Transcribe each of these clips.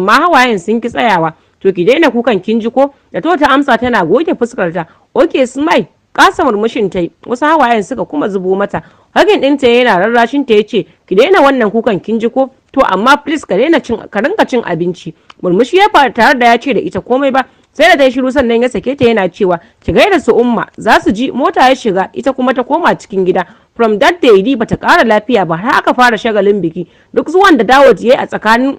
amma hawayen sun ki tsayawa to ki daina kukan kin ji ko da to ta amsa tana goge fuskarta oke smile kasa murmushin ta wasu hawayen suka kuma zubo mata hagin ɗinta yana rarrashin ta yace ki daina wannan kukan kin ji ko to amma please ka daina cin ka rinka cin abinci murmushi ya fara tare da ya ce da ita komai ba sai da ta yi shiru sannan ya sake ta yana cewa ki gaida su umma za su ji mota ya shiga ita kuma ta koma cikin gida from that day bata kara lafiya ba har aka fara shagalin biki duk zuwan da dawo yayi a tsakanin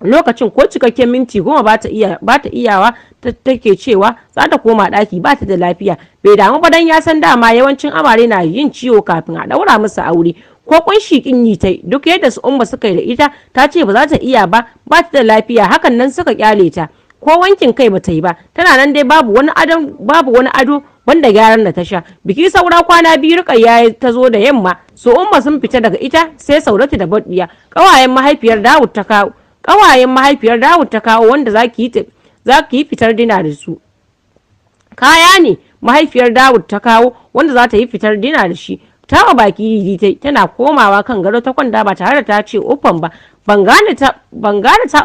lokacin ko cikakken minti goma ba ta iyawa ta take cewa za ta koma ɗaki ba ta da lafiya bai damu ba don ya san dama yawancin amare na yin ciwo kafin a ɗaura masa aure ko kunshi kin yi ta duk yadda su umma suka yi da ita ta ce ba za ta iya ba ba ta da lafiya hakan nan suka kyale ta ko wankin kai ba ta yi ba tana nan dai babu wani ado babu wani ado wanda gyaran da ta sha biki saura kwana biyu rukayya ta zo da yamma Su umma sun fita daga ita sai saurati da baddiya kawayen mahaifiyar dawud ta kawo ƙawayen mahaifiyar dawud ta kawo wanda za ki yi fitar dina da su kaya ne mahaifiyar dawud ta kawo wanda za ta yi fitar dina da shi wa baki didi tana komawa kan gado ta kwanda ba tare da ta ce uffan ba ban gane ta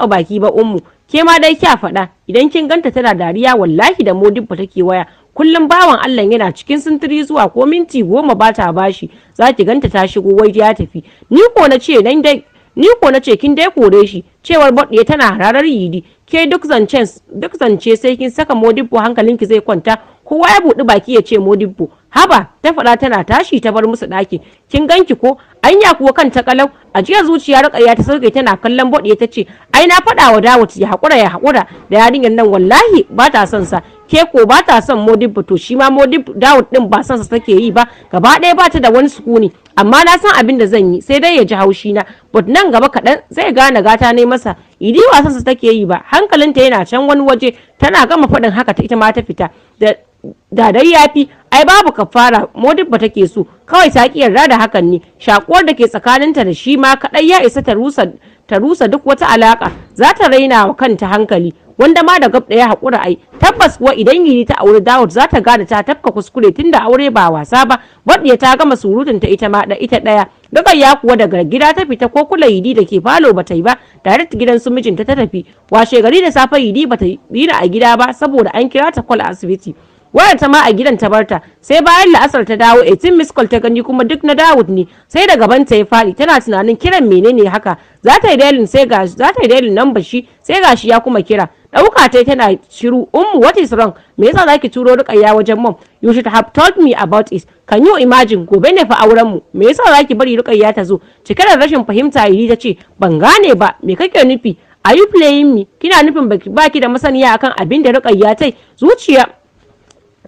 baki ba ummu ke ma dai kya faɗa idan kin ganta tana dariya wallahi da ba take waya kullum bawan Allah yana cikin sintiri zuwa ko minti goma ba ta bashi za ki ganta ta shigo wai ya tafi ni ko na ce dan dai ni ko na ce kin dai kore shi cewar bodɗe tana hararar yidi ke duk zance sai kin saka modibbo hankalinki zai kwanta kowa ya buɗe baki ya ce modibbo haba ta faɗa tana tashi ta bar musu ɗaki kin ganki ko anya kuwa kan ta kalau a jiya zuciya rukayya ta sauke tana kallon bodɗe ta ce ai na fada wa dawo ya hakura ya hakura da yarinyar nan wallahi ba ta son sa ke ko ba ta son modibba to shi ma modibbo dawud din ba son sa take yi ba gaba ɗaya ba ta da wani sukuni amma na san abin da zan yi sai dai ya ji haushi na but nan gaba kaɗan zai gane gata ne masa idi wasan sa take yi ba hankalinta yana can wani waje tana gama faɗin haka ta ita ma ta fita da dai yafi ai babu kafara ba take so kawai ta ki yarda da hakan ne shakuwar da ke tsakaninta da shi ma kadai ya isa ta rusa duk wata alaka za ta raina wa kanta hankali wanda ma da gab ya haƙura ai tabbas kuwa idan yini ta aure Dawud za ta gane ta tafka kuskure tunda aure ba wasa ba Badiya ta gama surutun ta ita ma da ita daya ya kuwa daga gida ta fita ko kula yidi da ke falo ba ta yi ba tare da gidan su mijinta ta tafi washe gari da safe yidi ta yi a gida ba saboda an kira ta kwal asibiti wayar ta ma a gidan ta barta sai bayan la'asar ta dawo 18 miss call ta gani kuma duk na Dawud ne sai da gaban ta ya fadi tana tunanin kiran menene haka za ta yi dalilin sai ga za ta yi nan shi sai gashi ya kuma kira dauka ta tana shiru ummu what is wrong me yasa zaki turo ya wajen mom you should have told me about it can you imagine gobe ne fa auren mu me yasa zaki bari rukayya ta zo cike da rashin fahimta yi ta ce ban gane ba me kake nufi are you playing me kina nufin baki da masaniya akan abin da rukayya tai zuciya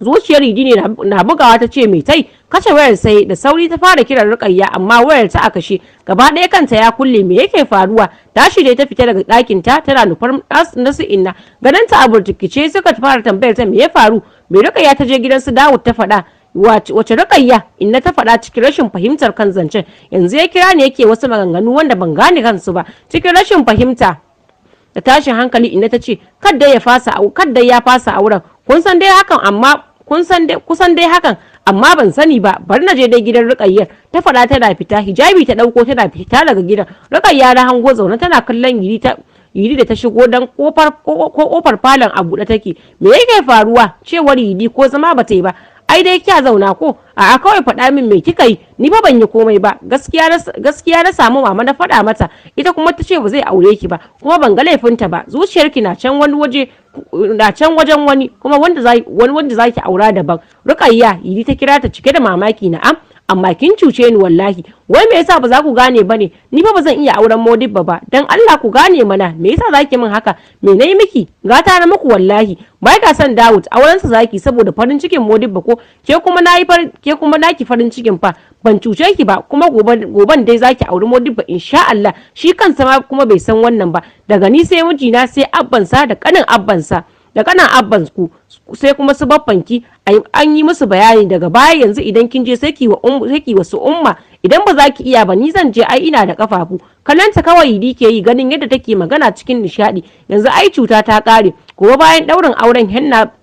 zuciyar idi na bugawa ta ce mai tai kashe wayar sai da sauri ta fara kiran rukayya amma wayar ta a kashe gaba ɗaya kanta ya kulle me yake faruwa tashi dai ta fita daga ɗakin ta tana nufar nasu inna ganin ta a burtikice suka fara tambayar ta me ya faru mai rukayya ta je gidan su dawud ta faɗa wace rukayya inna ta faɗa cikin rashin fahimtar kan zancen yanzu ya kira ne yake wasu maganganu wanda ban gane kansu ba cikin rashin fahimta da tashin hankali inna ta ce kadda ya kadda ya fasa auren kun san dai hakan amma kun san dai kusan dai hakan amma ban sani ba Bar na je dai gidan rukayyar ta faɗa tana fita hijabi ta ɗauko tana fita daga gidan rukayya na hango zaune tana kallon yiri ta yiri da ta shigo don kofar falon a buɗe take me yake faruwa cewar yidi ko zama ba ta yi ba ai dai kya zauna ko a'a kawai faɗa min me kika yi ni fa ban yi komai ba gaskiya na samu mama na faɗa mata ita kuma ta ce ba zai aure ki ba kuma ban ga ta ba zuciyarki na can wani waje na can wajen wani kuma wanda za wani zaki aura daban rukayya yidi ta kira ta cike da mamaki na am amma kin cuce ni wallahi wai me yasa ba za ku gane ba ne ni fa ba zan iya auren modibba ba dan Allah ku gane mana me yasa zaki min haka me na yi miki gata na muku wallahi bai ka san Dawud auren sa zaki saboda farin cikin modibba ko ke kuma nayi ke kuma naki farin cikin fa ban cuce ki ba kuma goban dai zaki auri modibba insha Allah shi kansa ma kuma bai san wannan ba daga ni sai mijina sai abban sa da kanin abban sa da kanan abban ku sai kuma su babbanki an yi musu bayani daga baya yanzu idan kin je sai ki wa um, umma idan ba za ki iya ba ni zan je ai ina da kafafu kallanta kawai di ke yi ganin yadda take magana cikin nishadi yanzu ai cuta ta kare gobe bayan daurin auren henna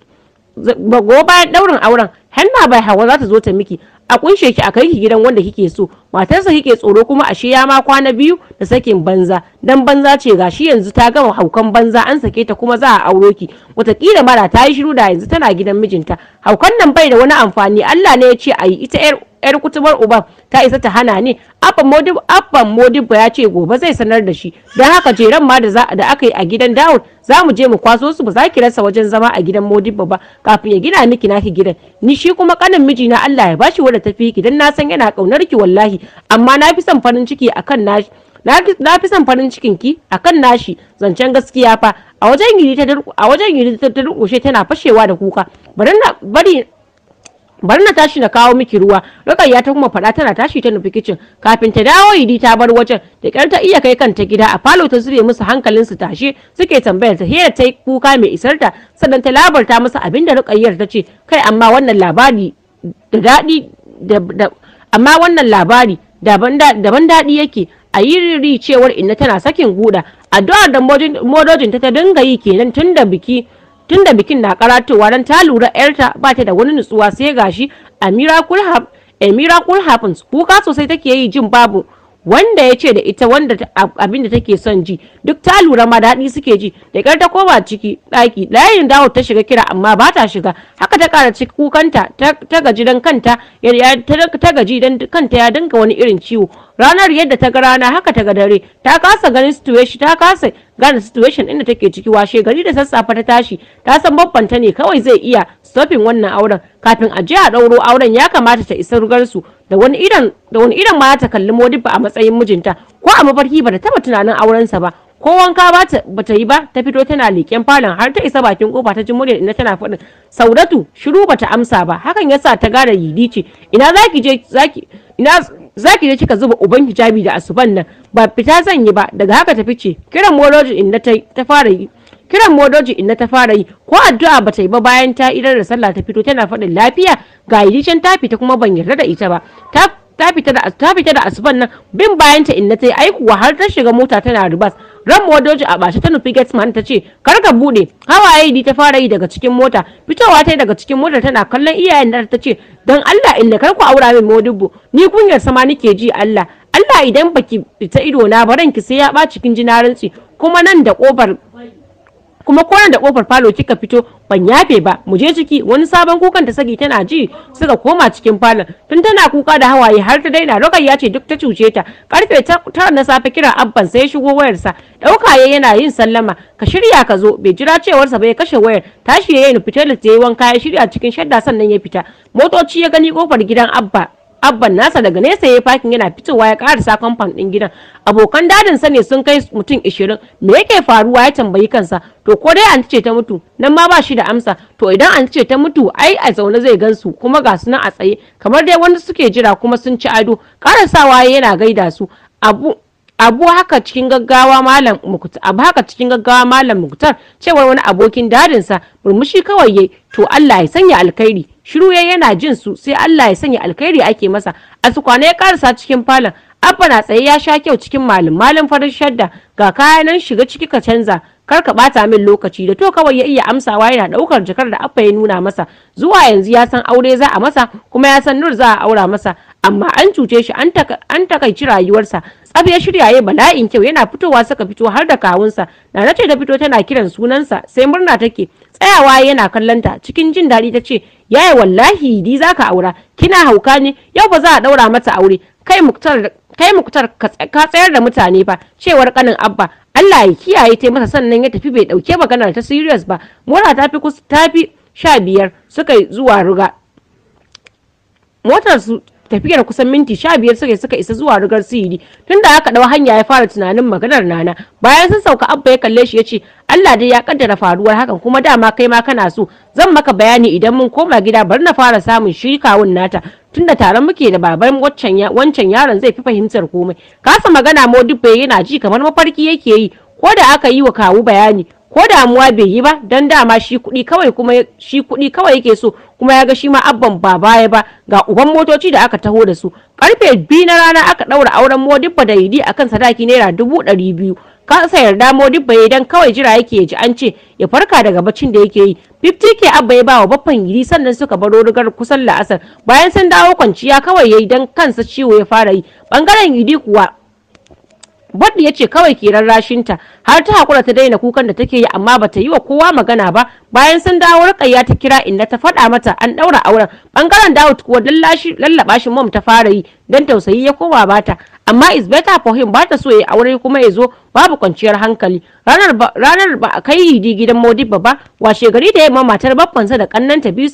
gobe bayan daurin auren hanna bai hawa za ta zo ta miki a kunshe ki a kai ki gidan wanda kike so matarsa kike tsoro kuma ashe ya ma kwana biyu da sakin banza dan banza ce gashi yanzu ta gama haukan banza an sake ta kuma za a auro ki Wataƙila mara ta yi shiru da yanzu tana gidan mijinta haukan nan bai da wani amfani Allah ne ya ce a yi ita yar yar kutubar Uba ta isa ta hana ni abban modibo abban modibo ya ce gobe zai sanar da shi don haka jeran ma da za da aka yi a gidan dawud za mu je mu kwaso su ba za ki rasa wajen zama a gidan modibo ba kafin ya gina miki naki gidan ni shi kuma kanin miji na Allah ya bashi wanda tafi ki dan na san yana kaunar ki wallahi amma na fi son farin ciki akan nashi na fi son farin cikin ki akan nashi zancen gaskiya fa a wajen yiri ta a wajen yiri ta tana fashewa da kuka bari bari na tashi na kawo miki ruwa ya ta kuma faɗa tana tashi ta nufi kicin kafin ta dawo idi ta bar wajen da kyar ta iya kai kanta gida a falo ta zure musu hankalin su tashe suke tambayar ta hira ta kuka mai isar ta sannan ta labarta musu abin da rukayyar ta ce kai amma wannan labari da daɗi da amma wannan labari daban daɗi yake a yi riri cewar inna tana sakin guda addu'ar da modojin ta dinga yi kenan tun da biki tunda bikin na karatowa don ta lura yarta ba ta da wani nutsuwa sai gashi amira kulhab amira kuka sosai take yi jin babu wanda ya ce da ita wanda abin da take son ji duk ta lura ma daɗi suke ji da ƙyar ta koma ciki ɗaki layin dawo ta shiga kira amma ba ta shiga haka ta ƙara ciki kukanta ta gaji don kanta ta gaji don kanta ya dinga wani irin ciwo ranar yadda ta ga rana haka ta ga dare ta kasa ganin situation ta kasa gane situation inda take ciki washe gari da sassafe ta tashi ta san babbanta ne kawai zai iya stopping wannan auren kafin a je a ɗauro auren ya kamata ta isa rugarsu. da wani irin da wani irin ma ta kalli ba a matsayin mijinta ko a mafarki ta taba tunanin aurensa ba ko wanka ba ta yi ba ta fito tana leken falon har ta isa bakin kofa ta ji muryar ina tana faɗin saudatu shiru bata amsa ba hakan yasa ta gara yidi ce ina zaki je zaki ina zaki je kika zuba uban hijabi da asuban nan ba fita zan yi ba daga haka ta fice kiran molojin inda ta fara yi kiran modoji inna ta fara yi ko addu'a ba ta yi ba bayan ta idar da sallah ta fito tana faɗin lafiya ga idicen ta fita kuma ban yarda da ita ba ta fita da ta asuban nan bin bayan ta inna ta yi aikuwa har ta shiga mota tana ribas ran modoji a bashi ta nufi gatsman ta ce kar ka bude hawaye di ta fara yi daga cikin mota fitowa ta yi daga cikin mota tana kallon iyayen da ta ce dan Allah inna kar ku aura min modubu ni kunyar sama ke ji Allah Allah idan baki ta ido na baran ki sai ya ba cikin jinarinci kuma nan da kofar kuma koran da kofar falo kika fito ban yafe ba mu je ciki wani sabon kukan ta saki tana ji suka koma cikin falon tun tana kuka da hawaye har ta daina rokar ya ce duk ta cuce ta karfe tara na safe kira abban sai ya shigo wayarsa dauka ya yana yin sallama ka shirya ka zo bai jira cewarsa ba ya kashe wayar tashi ya yi nufi da ta yi wanka shirya cikin shadda sannan ya fita motoci ya gani kofar gidan abba abban nasa daga nesa ya fakin yana fitowa ya karasa kamfan din gidan abokan dadin sa ne sun kai mutum 20 me yake faruwa ya tambayi kansa to ko dai an ce ta mutu nan ma ba shi da amsa to idan an ce ta mutu ai a zaune zai gansu kuma ga su nan a tsaye kamar dai wanda suke jira kuma sun ci ado karasawa yana gaida su abu abu haka cikin gaggawa malam muktar abu haka cikin gaggawa malam mukutar cewar wani abokin dadinsa murmushi kawai yayi to Allah ya sanya alkhairi shiru ya yana jin su sai Allah ya sanya alkhairi ake masa a su kwana ya karasa cikin falon abba na tsaye ya sha kyau cikin malin malin farin shadda ga kayanan shiga ciki ka canza kar ka bata min lokaci da to kawai ya iya amsawa yana daukar jakar da abba ya nuna masa zuwa yanzu ya san aure za a masa kuma ya san nur za a aura masa amma an cuce shi an takaici rayuwarsa tsaf ya shirya ya bala'in kyau yana fitowa suka fito har da kawunsa na nace da fito tana kiran sunansa sai murna take tsayawa yana kallon cikin jin daɗi ta ce yaya wallahi di zaka aura kina hauka ne yau ba za a daura mata aure kai muktar kai muktar ka tsayar da mutane ba cewar kanin abba Allah ya kiyaye ta masa sannan ya tafi bai dauke maganar ta serious ba mura ta fi ta fi sha suka zuwa ruga motar su tafiyar kusan minti sha biyar suka suka isa zuwa rigar sihiri tunda aka ɗau hanya ya fara tunanin maganar nana bayan sun sauka abba ya kalle shi ya ce Allah dai ya kaddara faruwar hakan kuma dama kai ma kana so zan maka bayani idan mun koma gida bar na fara samun shi kawun nata tunda taron muke da baban wancan yaron zai fi fahimtar komai kasa magana dubbe yana ji kamar mafarki yake yi ko da aka yi wa kawu bayani ko damuwa bai yi ba don dama shi kuɗi kawai kuma shi kuɗi kawai yake so kuma ya ga shi ma abban ba baya ba ga uban motoci da aka taho da su karfe biyu na rana aka ɗaura auren modibba da yidi akan sadaki naira dubu ɗari biyu kansa yarda modibba ya dan kawai jira yake ya ji an ce ya farka daga baccin da yake yi Fifty ke abba ya bawa baffan yidi sannan suka baro rigar kusan la'asar bayan sun dawo kwanciya kawai ya yi dan kansa ciwo ya fara yi bangaren yidi kuwa Baddi ya ce kawai ke rarrashinta har ta hakura ta daina kukan da take yi amma bata yi wa kowa magana ba bayan sun dawo rukayya ta kira inda ta faɗa mata an ɗaura auren ɓangaren Dawud kuwa lallaba shi mom ta fara yi don tausayi ya koma bata amma is better for him bata so ya aure kuma ya zo babu kwanciyar hankali ranar ba, a kai yidi gidan modibba ba washe gari da yamma matar babbansa da kannanta biyu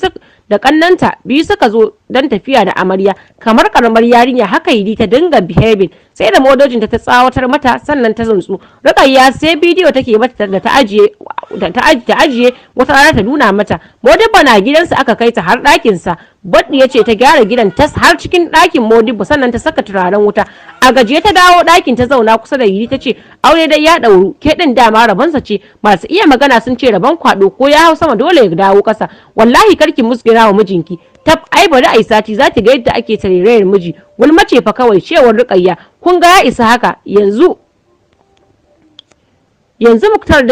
da kannanta biyu suka zo dan tafiya da amarya kamar karamar yarinya haka yidi ta dinga behaving sai da modojin ta tsawatar mata sannan ta tsuntsu rukayya sai bidiyo take mata da ta ajiye ta ajiye wata rana ta nuna mata modibba na gidansa aka kai ta har ɗakinsa Baddi ya ce ta gyara gidan tas har cikin ɗakin Modibba sannan ta saka turaren wuta. A gajiye ta dawo ɗakin ta zauna kusa da yi ta ce aure dai ya ɗauru ke ɗin dama rabonsa ce masu iya magana sun ce rabon kwaɗo ko ya hau sama dole ya dawo ƙasa wallahi karki musgina wa mijinki tab ai bari ai sati za ki ga yadda ake tarairayar miji wani mace fa kawai cewar rukayya kun ga ya isa haka yanzu yanzu muktar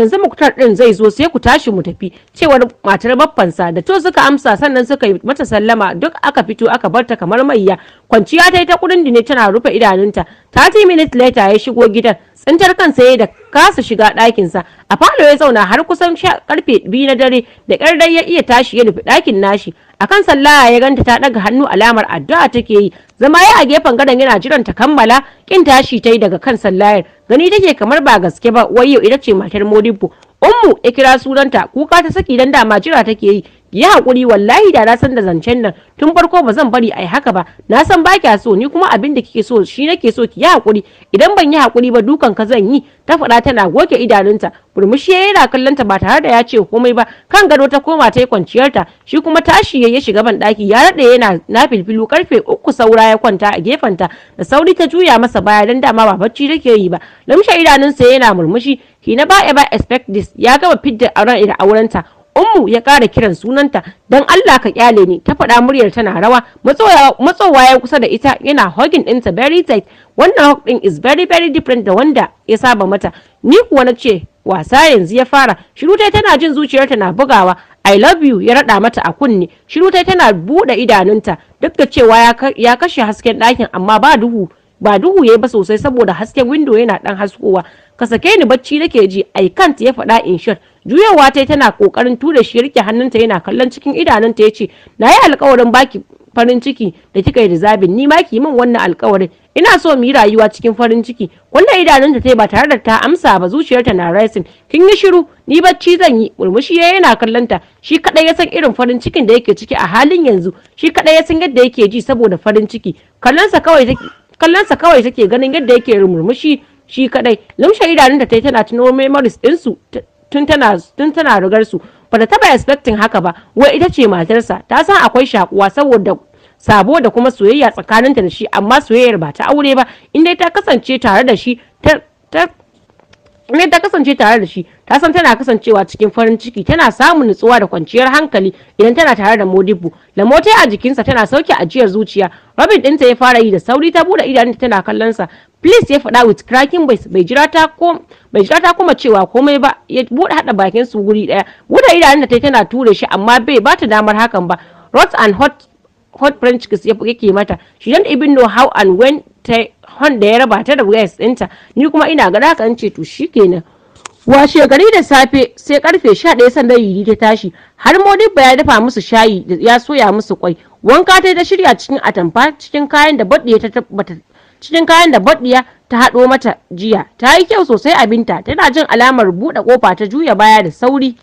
yanzu muktar din zai zo sai ku tashi mu tafi cewar matar baffansa da to suka amsa sannan suka yi mata sallama duk aka fito aka barta kamar maiya kwanciya ta yi ta kudin dine tana rufe idanunta 30 minutes later ya shigo gidan tsintar kan ya da kasa shiga ɗakinsa a falo ya zauna har kusan karfe biyu na dare da ƙyar dai ya iya tashi ya nufi ɗakin nashi akan sallaya ya ganta ta ɗaga hannu alamar addu'a take yi zama ya a gefen gadon yana jiran ta kammala kin tashi ta yi daga kan sallayar gani take kamar ba gaske ba wai yau ita ce matar modibbo ummu ya kira sunanta kuka ta saki dan dama jira take yi yi hakuri wallahi da na san da zancen nan tun farko ba zan bari ai haka ba na san ba kya so ni kuma abin da kike so shi nake so ki yi hakuri idan ban yi hakuri ba dukan ka zan yi ta faɗa tana goke idanunta burmushi ya yana kallon ba tare da ya ce komai ba kan gado ta koma ta yi kwanciyarta shi kuma tashi ya shiga ban daki ya raɗe yana na filfilu karfe uku saura ya kwanta a gefenta da sauri ta juya masa baya dan dama ba bacci take yi ba lamshe idanunsa yana murmushi na ba ba expect this ya gaba fidda auren da aurenta ummu ya kara kiran sunanta don allah ka kyale ni ta faɗa muryar tana rawa matsowa ya kusa da ita yana hogin ɗinta very tight wannan hog ɗin is very very different da wanda ya saba mata ni kuwa na ce wasa yanzu ya fara Shiru shirutai tana jin zuciyarta na bugawa i love you ya rada mata a kunne shirutai tana buɗe idanunta duk da cewa ya kashe hasken ɗakin amma ba duhu ba duhu ya ba sosai saboda hasken window yana dan haskowa ka sake ni bacci nake ji ai kant ya faɗa in shot juyawa tai tana kokarin tura shi rike hannunta yana kallon cikin idanunta yace na yi alkawarin baki farin ciki da kika yi da zabin ni ma ki min wannan alƙawarin. ina so mu yi rayuwa cikin farin ciki Wannan idanunta tai ba tare da ta amsa ba zuciyarta na rising kin yi shiru ni bacci zan yi murmushi ya yana kallonta shi kadai ya san irin farin cikin da yake ciki a halin yanzu shi kadai ya san yadda yake ji saboda farin ciki kallonsa kawai kallonsa kawai take ganin yadda yake murmushi shi kadai lumshe idanunta ta yi tana tuno memories ɗinsu tun tana tun tana rigar su ba ta taba expecting haka ba wai ita ce matarsa ta san akwai shakuwa saboda sabo da kuma soyayya tsakaninta da shi amma soyayyar ba ta aure ba in dai ta kasance tare da shi ta ne ta kasance tare da shi ta san tana kasancewa cikin farin ciki tana samun nutsuwa da kwanciyar hankali idan tana tare da modibo lamote a jikinsa tana sauke ajiyar zuciya robin ɗinta ya fara yi da sauri ta bude idanunta tana kallon sa please ya faɗa with cracking voice bai jira ta ko bai jira ta kuma cewa komai ba ya bude hada bakin su guri daya bude idanunta tai tana ture shi amma bai ba ta damar hakan ba rot and hot hot french kiss yake mata she don't even know how and when hon da ya raba ta da wayas ɗinta ni kuma ina ga haka an ce to shikenan washe gari da safe sai karfe sha 11 sanda yiri ta tashi har modibba ya dafa musu shayi ya soya musu kwai wanka ta ta shirya cikin atamfa cikin kayan da baɗiya ta cikin kayan da baɗiya ta haɗo mata jiya ta yi kyau sosai abinta tana jin alamar buɗe ƙofa ta juya baya da sauri